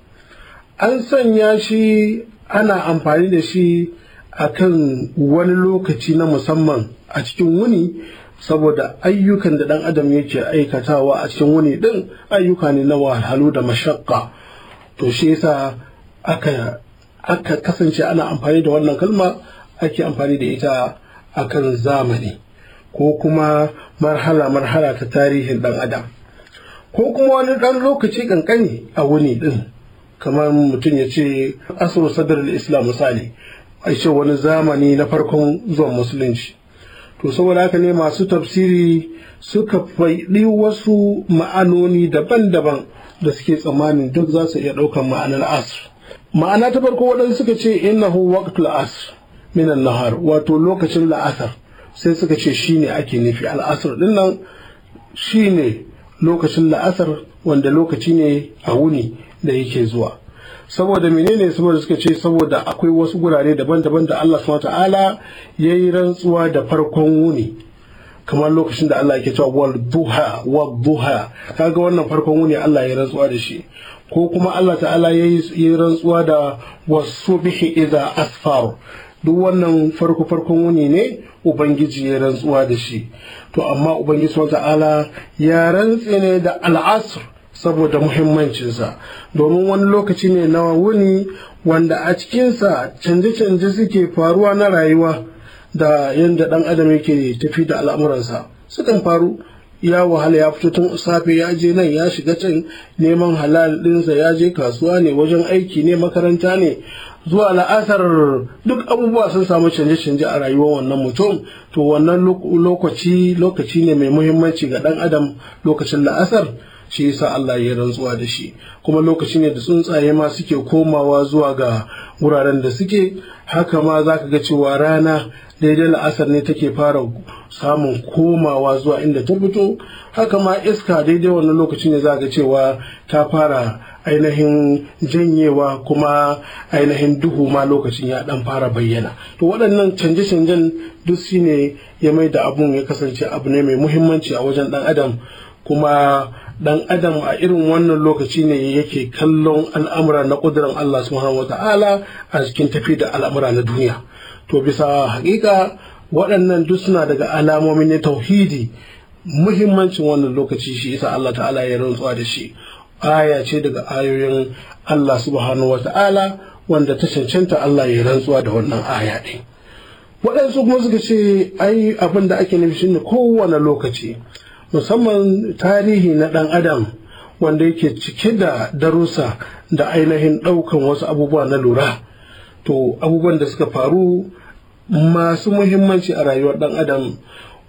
an sanya shi ana amfani da shi a kan wani lokaci na musamman a cikin wuni saboda ayyukan da ɗan adam yake aikatawa a cikin wuni ɗin ayyuka ne na wahalhalu da mashakka to shi yasa aka aka kasance ana amfani da wannan kalma ake amfani da ita akan zamani ko kuma marhala-marhala ta tarihin ɗan adam ko kuma wani ɗan lokaci ƙanƙani a wuni ɗin kamar mutum ya ce asiru sadar islam misali a ce wani zamani na farkon zuwan musulunci to saboda haka ne masu tafsiri suka faɗi wasu ma'anoni daban-daban da suke tsammanin duk za su iya ɗaukar ma'anar asir ma'ana ta farko waɗansu suka ce innahu waqtul asr min nahar wato lokacin la'asar sai suka ce shine ake nufi al'asar ɗinnan shi shine lokacin la'asar wanda lokaci ne a wuni da yake zuwa saboda menene saboda suka ce saboda akwai wasu gurare daban-daban da Allah subhanahu ta'ala yi rantsuwa da farkon wuni kamar lokacin da Allah ke cewa wal duha wal duha kaga wannan farkon wuni Allah ya rantsuwa da shi ko kuma Allah ta'ala ya yi rantsuwa da wasu bihi idza asfar duk wannan farko farkon wuni ne ubangiji ya rantsuwa da shi to amma ubangiji ta'ala ya rantse ne da al'asr saboda muhimmancinsa domin wani lokaci ne na wuni wanda a cikinsa canje-canje suke faruwa na rayuwa da yadda ɗan adam yake tafi da al'amuransa sukan faru ya wahala ya fito tun safe ya je nan ya shiga can neman halal ɗinsa ya je kasuwa ne wajen aiki ne makaranta ne zuwa la'asar duk abubuwa sun samu canje-canje a rayuwar wannan mutum to wannan lokaci lokaci ne mai muhimmanci ga ɗan adam lokacin la'asar shi yasa Allah ya rantsuwa da shi kuma lokaci ne da tsuntsaye ma suke komawa zuwa ga wuraren da suke haka ma za ka ga cewa rana daidai la'asar ne take fara samun komawa zuwa inda ta fito haka ma iska daidai wannan lokacin ne za ga cewa ta fara ainihin janyewa kuma ainihin duhu ma lokacin ya dan fara bayyana to waɗannan canje-canjen duk shi ne ya mai da abun ya kasance abu ne mai muhimmanci a wajen ɗan adam kuma ɗan adam a irin wannan lokaci ne yake kallon al'amura na ƙudurin Allah subhanahu wa ta'ala a cikin tafi da al'amura na duniya to bisa hakika waɗannan duk suna daga alamomi na tauhidi muhimmancin wannan lokaci shi isa Allah ta'ala ya rantsuwa da shi aya ce daga ayoyin Allah subhanahu wa wanda ta cancanta Allah ya rantsuwa da wannan aya ɗin waɗansu kuma suka ce ai abin da ake nufi ne kowane lokaci musamman tarihi na ɗan adam wanda yake cike da darusa da ainihin ɗaukan wasu abubuwa na lura to abubuwan da suka faru masu muhimmanci a rayuwar dan adam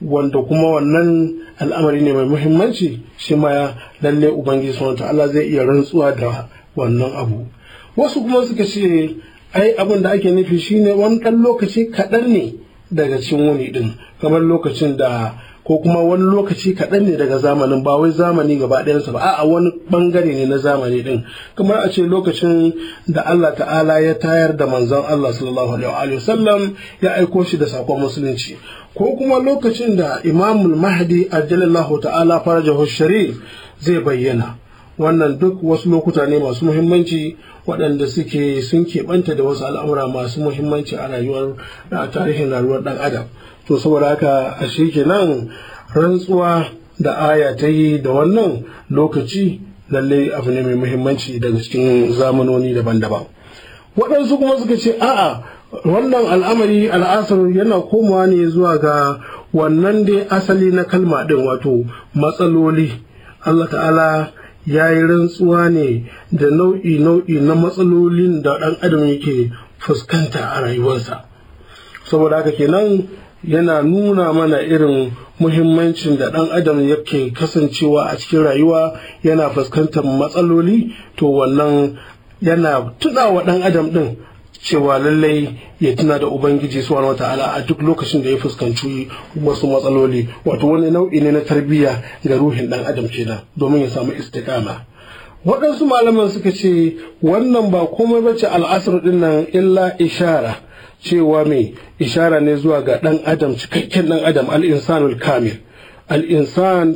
wanda kuma wannan al'amari ne mai muhimmanci shi ma lalle ubangiji sun ta'ala zai iya rantsuwa da wannan abu wasu kuma suka ce ai abin da ake nufi shine wani dan lokaci kaɗan ne daga cin wuni din, kamar lokacin da ko kuma wani lokaci kaɗan ne daga zamanin ba wai zamani gaba ɗayansa ba a'a wani ɓangare ne na zamani ɗin kamar a ce lokacin da Allah ta'ala ya tayar da manzon Allah sallallahu alaihi wa sallam ya aiko shi da sakon musulunci ko kuma lokacin da imamul mahdi ajalallahu ta'ala farajahu sharif zai bayyana wannan duk wasu lokuta ne masu muhimmanci waɗanda suke sun keɓanta da wasu al'amura masu muhimmanci a rayuwar tarihin rayuwar ɗan adam to saboda haka a nan rantsuwa da aya ta yi da wannan lokaci lallai abu ne mai muhimmanci daga cikin zamanoni daban-daban waɗansu kuma suka ce a'a wannan al'amari al'asar yana komawa ne zuwa ga wannan dai asali na kalma ɗin wato matsaloli allah ta'ala ya yi rantsuwa ne da nau'i-nau'i na matsalolin da ɗan adam yake fuskanta a rayuwarsa saboda haka kenan yana nuna mana irin muhimmancin da ɗan adam yake kasancewa a cikin rayuwa yana fuskantar matsaloli to wannan yana tunawa ɗan adam ɗin cewa lallai ya tuna da ubangiji subhanahu wata'ala a duk lokacin da ya fuskanci wasu matsaloli wato wani nau'i ne na tarbiyya ga ruhin ɗan adam kenan domin ya samu istikama waɗansu malaman suka ce wannan ba komai bace al'asar ɗin nan illa ishara cewa mai ishara ne zuwa ga ɗan adam cikakken ɗan adam al-insanul kamil al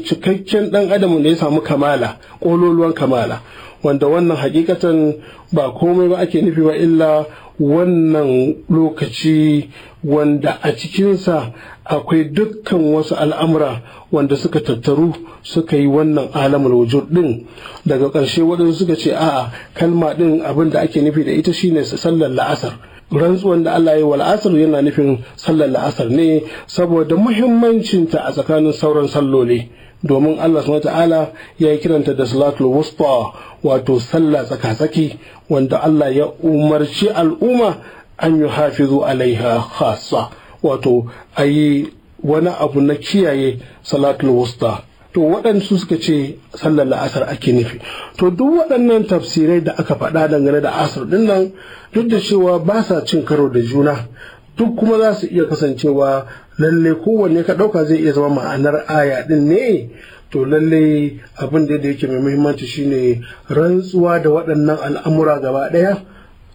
cikakken ɗan adam ne ya samu kamala ƙololuwan kamala wanda wannan hakikatan ba komai ba ake nufi ba illa wannan lokaci wanda a cikinsa akwai dukkan wasu al'amura wanda suka tattaru suka yi wannan alamul wujud ɗin daga ƙarshe waɗansu suka ce a'a kalma ɗin abin da ake nufi da ita shine sallar la'asar rantsuwan da Allah ya wal yana nufin sallar la'asar ne saboda muhimmancinta a tsakanin sauran salloli domin Allah subhanahu ta'ala ya yi kiranta da salatul wusta wato sallah tsakatsaki wanda Allah ya umarci al'umma an yi hafizu alaiha khassa wato ayi wani abu na kiyaye salatul wusta to waɗansu suka ce sallar la'asar ake nufi to duk waɗannan tafsirai da aka faɗa dangane da asar dinnan, duk da cewa ba sa cin karo da juna duk kuma za su iya kasancewa lalle kowanne ka ɗauka zai iya zama ma'anar aya ɗin ne to lalle abin da yake mai muhimmanci shine rantsuwa da waɗannan al'amura gaba ɗaya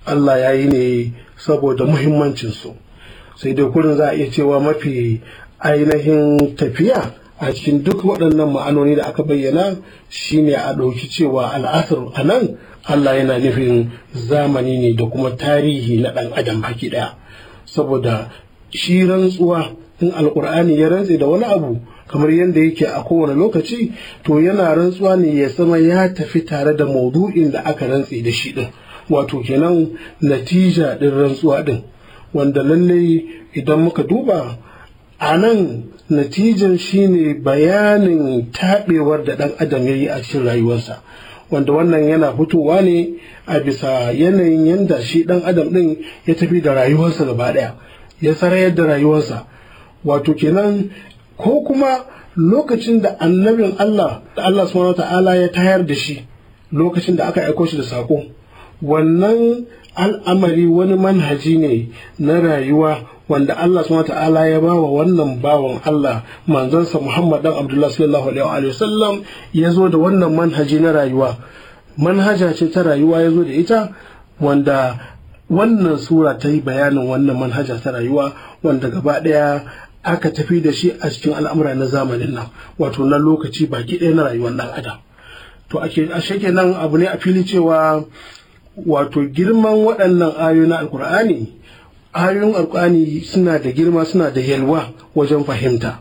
Allah ya yi ne saboda muhimmancinsu sai dai kurin za a iya cewa mafi ainihin tafiya a cikin duk waɗannan ma'anoni da aka bayyana shine a ɗauki cewa al'asar a nan Allah yana nufin zamani ne da kuma tarihi na ɗan adam baki ɗaya saboda shi rantsuwa in alƙur'ani ya rantse da wani abu kamar yadda yake a kowane lokaci to yana rantsuwa ne ya sama ya tafi tare da maudu'in da aka rantse da shi ɗin wato kenan natija ɗin rantsuwa ɗin wanda lallai idan muka duba a nan natijan shine bayanin taɓewar da ɗan adam ya yi a cikin rayuwarsa wanda wannan yana fitowa ne a bisa yanayin yanda shi ɗan adam ɗin ya tafi da rayuwarsa gaba ɗaya ya sarayar da rayuwarsa wato kenan ko kuma lokacin da annabin Allah da Allah subhanahu ta'ala ya tayar da shi lokacin da aka aiko shi da saƙo wannan al'amari wani manhaji ne na rayuwa wanda Allah subhanahu wataala ya ba wa wannan bawan Allah manzansa Muhammad dan Abdullah sallallahu alaihi wa sallam ya zo da wannan manhaji na rayuwa manhaja ce ta rayuwa ya zo da ita wanda wannan sura ta yi bayanin wannan manhaja ta rayuwa wanda gaba ɗaya aka tafi da shi a cikin al'amura na zamanin nan wato na lokaci baki ɗaya na rayuwar ɗan adam to a shake nan abu ne a fili cewa wato girman waɗannan ayoyi na alkur'ani ayoyin alƙani suna da girma suna da yalwa wajen fahimta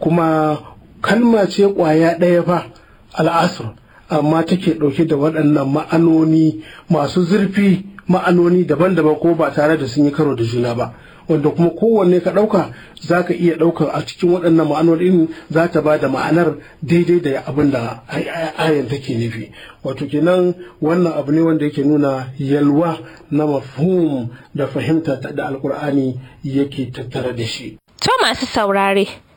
kuma kalma ce ƙwaya ɗaya fa al'asur amma take ɗauke da waɗannan ma'anoni masu zurfi ma'anoni daban-daban ko ba tare da sun yi karo da juna ba wanda kuma kowanne ka ɗauka za ka iya ɗaukar a cikin waɗannan ma'anonin za ta ba da ma'anar daidai da abin da ayan take nufi wato kenan wannan abu ne wanda yake nuna yalwa na mafhum da fahimta da alkur'ani yake tattara da shi to masu saurare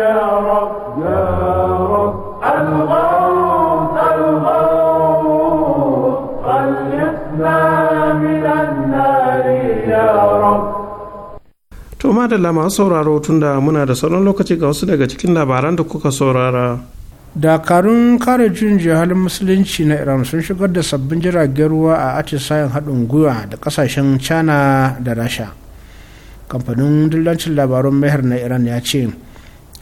يا رب يا رب الغوث الغوث masu sauraro tunda muna da sauran lokaci ga wasu daga cikin labaran da kuka saurara. Dakarun kare jin jihalin musulunci na Iran sun shigar da sabbin jiragen ruwa a atisayen haɗin gwiwa da ƙasashen China da Rasha. Kamfanin dillancin labarun Mehr na Iran ya ce,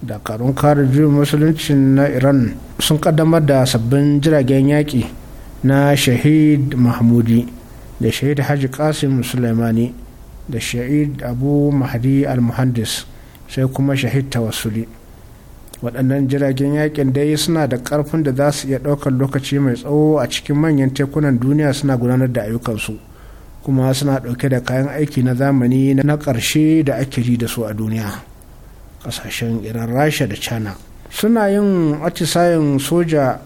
dakarun kare juyin musulunci na iran sun kaddamar da sabbin jiragen yaƙi na shahid mahmudi da shahid haji kasim sulaimani da shahid abu mahdi al-muhandis sai kuma shahid tawassuli waɗannan jiragen yaƙin dai suna da ƙarfin da za su iya ɗaukar lokaci mai tsawo a cikin manyan tekunan duniya suna gudanar da ayyukansu kuma suna ɗauke da kayan aiki na zamani na ƙarshe da ake ji da su a duniya. kasashen iran rasha da china suna yin atisayen soja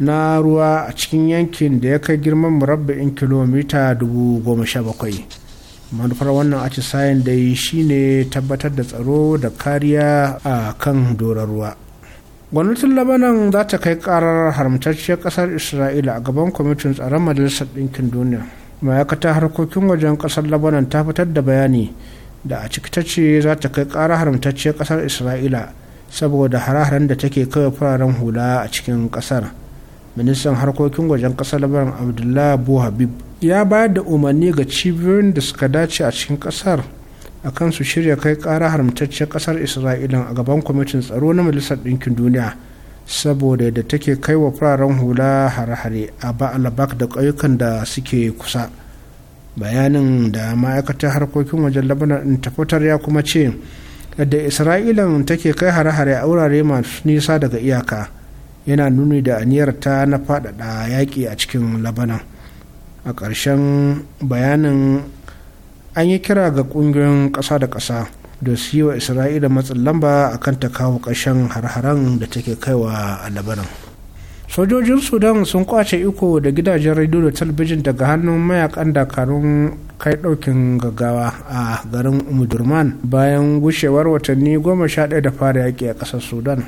na ruwa a cikin yankin da ya kai girman murabba'in kilomita 17,000 manufar wannan atisayen dai shine tabbatar da tsaro da kariya a kan doron ruwa gwamnatin labanan za ta kai karar haramtacciyar kasar isra'ila a gaban kwamitin tsaron majalisar ɗinkin duniya ma'aikatar harkokin wajen kasar labanan ta fitar da bayani da a cikitacce za ta kai ƙara haramtacciyar ƙasar isra'ila saboda hare-haren da take kai fararen hula a cikin ƙasar ministan harkokin wajen ƙasar labaran abdullahi abu habib ya bayar da umarni ga cibiyoyin da suka dace a cikin ƙasar akan su shirya kai ƙara haramtacciyar ƙasar isra'ila a gaban kwamitin tsaro na majalisar ɗinkin duniya saboda da take kai wa fararen hula hare-hare a ba'alabak da ƙauyukan da suke kusa. bayanin da ma'aikatar harkokin wajen labanan ta fitar ya kuma ce yadda isra'ila take kai hare-hare a wurare masu nisa daga iyaka yana nuni da aniyar ta na faɗaɗa yaƙi a cikin labanan a ƙarshen bayanin an yi kira ga ƙungiyoyin ƙasa da ƙasa da su yi wa isra'ila matsin lamba akan ta kawo ƙarshen har-haren da take kaiwa a labanan sojojin sudan sun kwace iko da gidajen radio da talabijin daga hannun mayakan dakarun kai daukin gaggawa a garin umudurman bayan gushewar watanni goma sha ɗaya da fara yaƙi a ƙasar sudan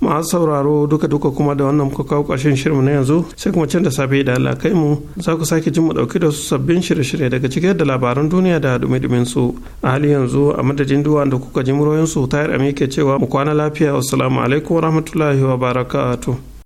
masu sauraro duka-duka kuma da wannan muka kawo ƙarshen shirin na yanzu sai kuma can da safe da kai mu za ku sake jin mu ɗauki da su sabbin shirye-shirye daga cike da labaran duniya da dumi-dumin su a hali yanzu a madadin duwa da kuka ji muroyin su tayar ke cewa mu kwana lafiya wassalamu alaikum warahmatullahi wabarakatuh